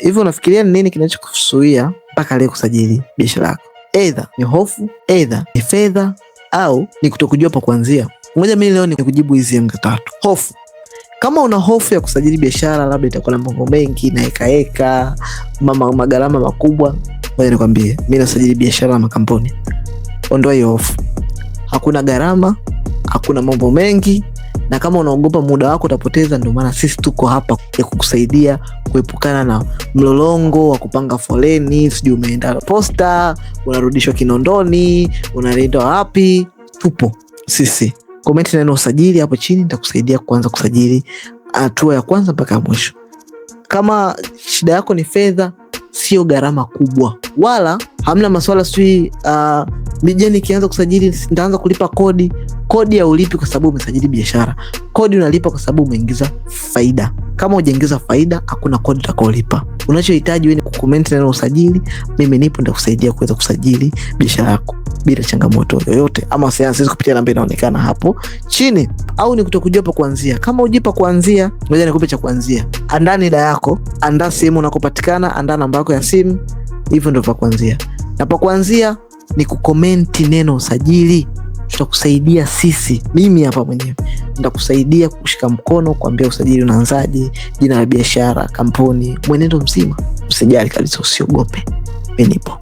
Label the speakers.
Speaker 1: Hivyo unafikiria nini kinachokusuia mpaka leo kusajili biashara yako? Aidha ni hofu, aidha ni fedha, au ni kutokujua pa kuanzia. Ngoja mimi leo kujibu hizi anga tatu. Hofu. Kama una hofu ya kusajili biashara, labda itakuwa na mambo mengi na hekaheka, magharama makubwa, ngoja nikwambie, mimi nasajili biashara na makampuni. Ondoa hiyo hofu. Hakuna gharama, hakuna mambo mengi, na kama unaogopa muda wako utapoteza, ndio maana sisi tuko hapa ya kukusaidia kuepukana na mlolongo wa kupanga foleni, sijui umeenda posta, unarudishwa Kinondoni, unaenda wapi. Tupo sisi. Komenti neno usajili hapo chini, nitakusaidia kuanza kusajili hatua ya kwanza mpaka ya mwisho. Kama shida yako ni fedha, sio gharama kubwa wala hamna maswala sijui uh, ah, mijeni nikianza kusajili nitaanza kulipa kodi. Kodi ya ulipi kwa sababu umesajili biashara, kodi unalipa kwa sababu umeingiza faida. Kama ujaingiza faida, hakuna kodi utakaolipa. Unachohitaji wewe ni kukomenti neno usajili. Mimi nipo nitakusaidia kuweza kusajili biashara yako bila changamoto yoyote ama seansi kupitia namba inaonekana hapo chini, au ni kutokujua pa kuanzia. Kama hujui pa kuanzia, ngoja nikupe cha kuanzia. Andaa NIDA yako, andaa sehemu unakopatikana, andaa namba yako ya simu. Hivyo ndio pa kuanzia na pa kuanzia ni kukomenti neno usajili. Tutakusaidia sisi, mimi hapa mwenyewe nitakusaidia kushika mkono, kuambia usajili unaanzaje, jina la biashara, kampuni, mwenendo mzima. Usijali kabisa, usiogope, mimi nipo.